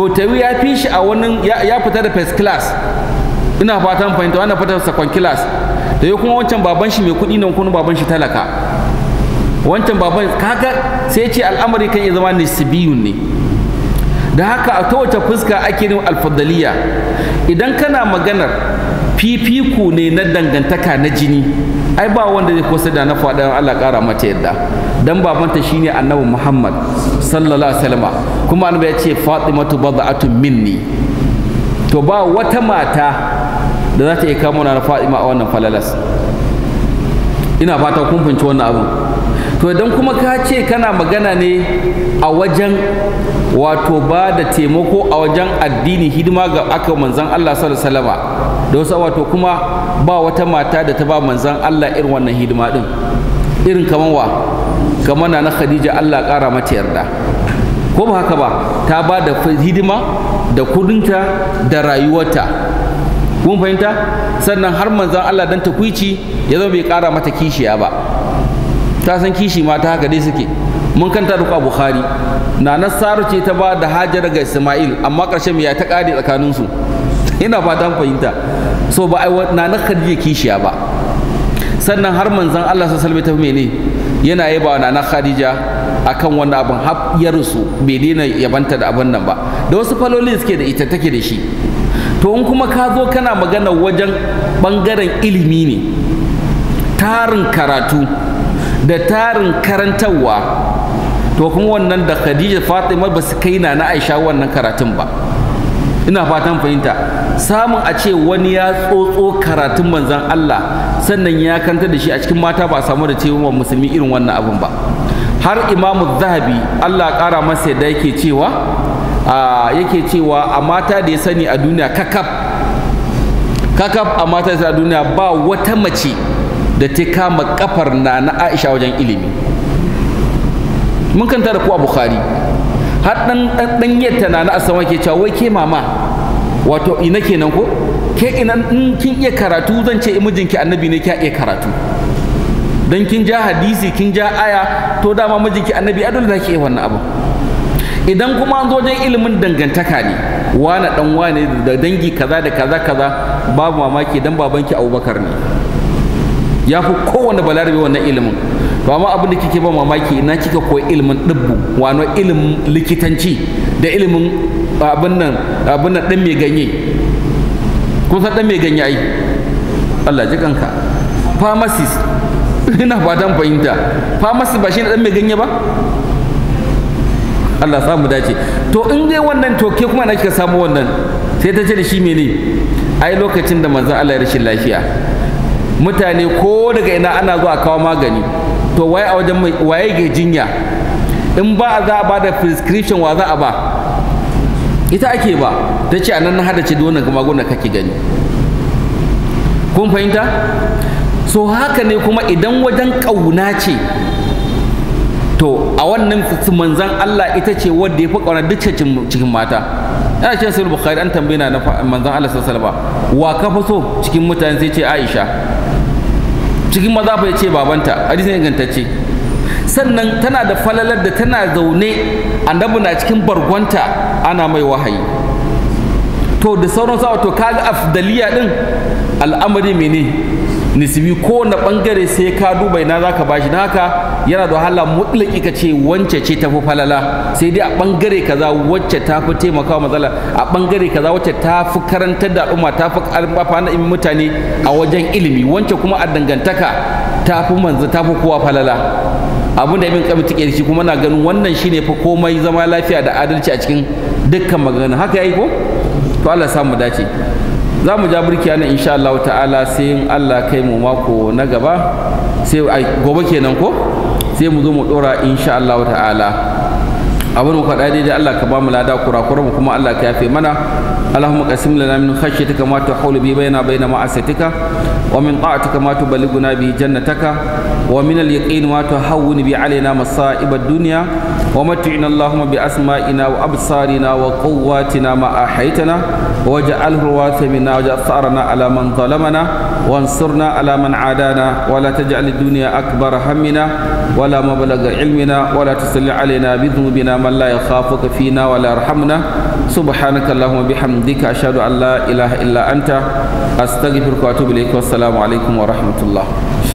Kotawi ya fi shi a wani ya fita da first class ina fatan fahimta wani fita second class da ya kuma wancan baban shi mai kuɗi nan kuma baban shi talaka wancan baban kaga sai ce al'amari kan ya zama nisibiyun ne da haka a ta wace fuska ake yin alfadaliya idan kana maganar fifiku ne na dangantaka na jini ai ba wanda zai kosa da na faɗa Allah ƙara mata yadda dan babanta shine annabi Muhammad sallallahu alaihi wasallam kuma annabi ya ce Fatimatu bad'atun minni to ba wata mata da za ta iya kamo na Fatima a wannan falalas ina fata kun fahimci wannan abu to idan kuma ka ce kana magana ne a wajen wato ba da taimako a wajen addini hidima ga aka manzan Allah sallallahu alaihi wasallam da wasu wato kuma ba wata mata da ta ba manzan Allah irin wannan hidima din irin kaman wa kamar na khadija allah ƙara mata yarda ko ba haka ba ta ba da hidima da kudinta da rayuwarta kun fahimta sannan har manzan allah dan takwici ya zama bai ƙara mata kishiya ba ta san kishi ma ta haka dai suke mun kanta da a bukhari na nasaru ce ta ba da hajar ga isma'il amma karshe mai ya ta ƙare tsakaninsu ina fatan fahimta so ba ai na na khadija kishiya ba sannan har manzon Allah sallallahu alaihi wasallam ta mene yana ba wa nana khadija akan wani abin har ya rusu bai daina yabanta da abin nan ba da wasu falolin suke da ita take da shi to in kuma ka zo kana magana wajen bangaren ilimi ne tarin karatu da tarin karantarwa to kuma wannan da khadija fatima ba su kai na aisha wannan karatun ba ina fatan fahimta samun a ce wani ya tsotso karatun manzon allah sannan ya kanta da shi a cikin mata ba samu da cewa musulmi irin wannan abin ba har imamu zahabi allah kara masa yadda yake cewa yake cewa a mata da ya sani a duniya kakaf kakaf a mata da a duniya ba wata mace da ta kama kafar na na aisha wajen ilimi mun kanta da ku a bukhari har ɗan ɗan na na asama ke cewa wai ke mama wato ina kenan ko ke ina in kin iya karatu zan ce mijinki annabi ne ki iya karatu dan kin ja hadisi kin ja aya to dama mijinki annabi adul da zaki wannan abu idan kuma an zo dan ilimin dangantaka ne wani dan wani da dangi kaza da kaza kaza babu mamaki dan babanki Abubakar ne ya fi kowane balarabe wannan ilimin to amma abin da kike ba mamaki na kika koyi ilimin dubbu wano ilimin likitanci da ilimin abin nan abin nan dan mai ganye kun san dan mai ganye ai Allah ji kanka pharmacist ina fatan fahimta pharmacist ba shi ne dan mai ganye ba Allah samu dace to in dai wannan to ke kuma na kika samu wannan sai ta ce da shi mene ai lokacin da manzon Allah ya rashin lafiya mutane ko daga ina ana zuwa kawo magani to waye a wajen waye ga jinya in ba a za a ba da prescription wa za a ba ita ake ba ta ce a nan na hada ce wannan magunguna kake gani kun fahimta so haka ne kuma idan wajen kauna ce to a wannan manzan Allah ita ce wadda ya fi ƙauna duk cikin mata yana cikin sahih bukhari an tambayi na manzan Allah sallallahu alaihi wasallam wa ka fi so cikin mutane sai ce Aisha cikin maza bai ce babanta hadisi ne ingantacce sannan tana da falalar da tana zaune annabi na cikin bargonta ana mai wahayi to da sauran sa'a to kaga afdaliya din al'amari mene nisibi kowane bangare sai ka duba ina zaka bashi na haka yana da wahala mutlaki ka ce wance ce tafi falala sai dai a bangare kaza wacce ta fi taimakawa matsala a bangare kaza wacce ta fi karantar da al'umma ta fi amfana mutane a wajen ilimi wance kuma a dangantaka ta fi manzo kowa falala abin da ibn qabi take shi kuma na ganin wannan shine fa komai zama lafiya da adalci a cikin dukkan magana haka yayi ko to Allah samu dace za mu ja burki nan insha Allah ta'ala sai in Allah kai mu mako na gaba sai gobe kenan ko sai mu zo mu dora insha Allah ta'ala abin mu faɗa dai Allah ka ba mu lada kurakura mu kuma Allah ka yafe mana Allahumma qasim lana min khashyatika ma تحول bi bayna bayna ma'asatika ومن طاعتك ما تبلغنا به جنتك ومن اليقين ما تهون به علينا مصائب الدنيا ومتعنا اللهم بأسمائنا وأبصارنا وقواتنا ما أحيتنا واجعله الوارث منا واجعل ثأرنا على من ظلمنا وانصرنا على من عادانا ولا تجعل الدنيا أكبر همنا ولا مبلغ علمنا ولا تسل علينا بذنوبنا من لا يخافك فينا ولا يرحمنا سبحانك اللهم بحمدك أشهد أن لا إله إلا أنت أستغفرك وأتوب إليك والسلام والسلام عليكم ورحمة الله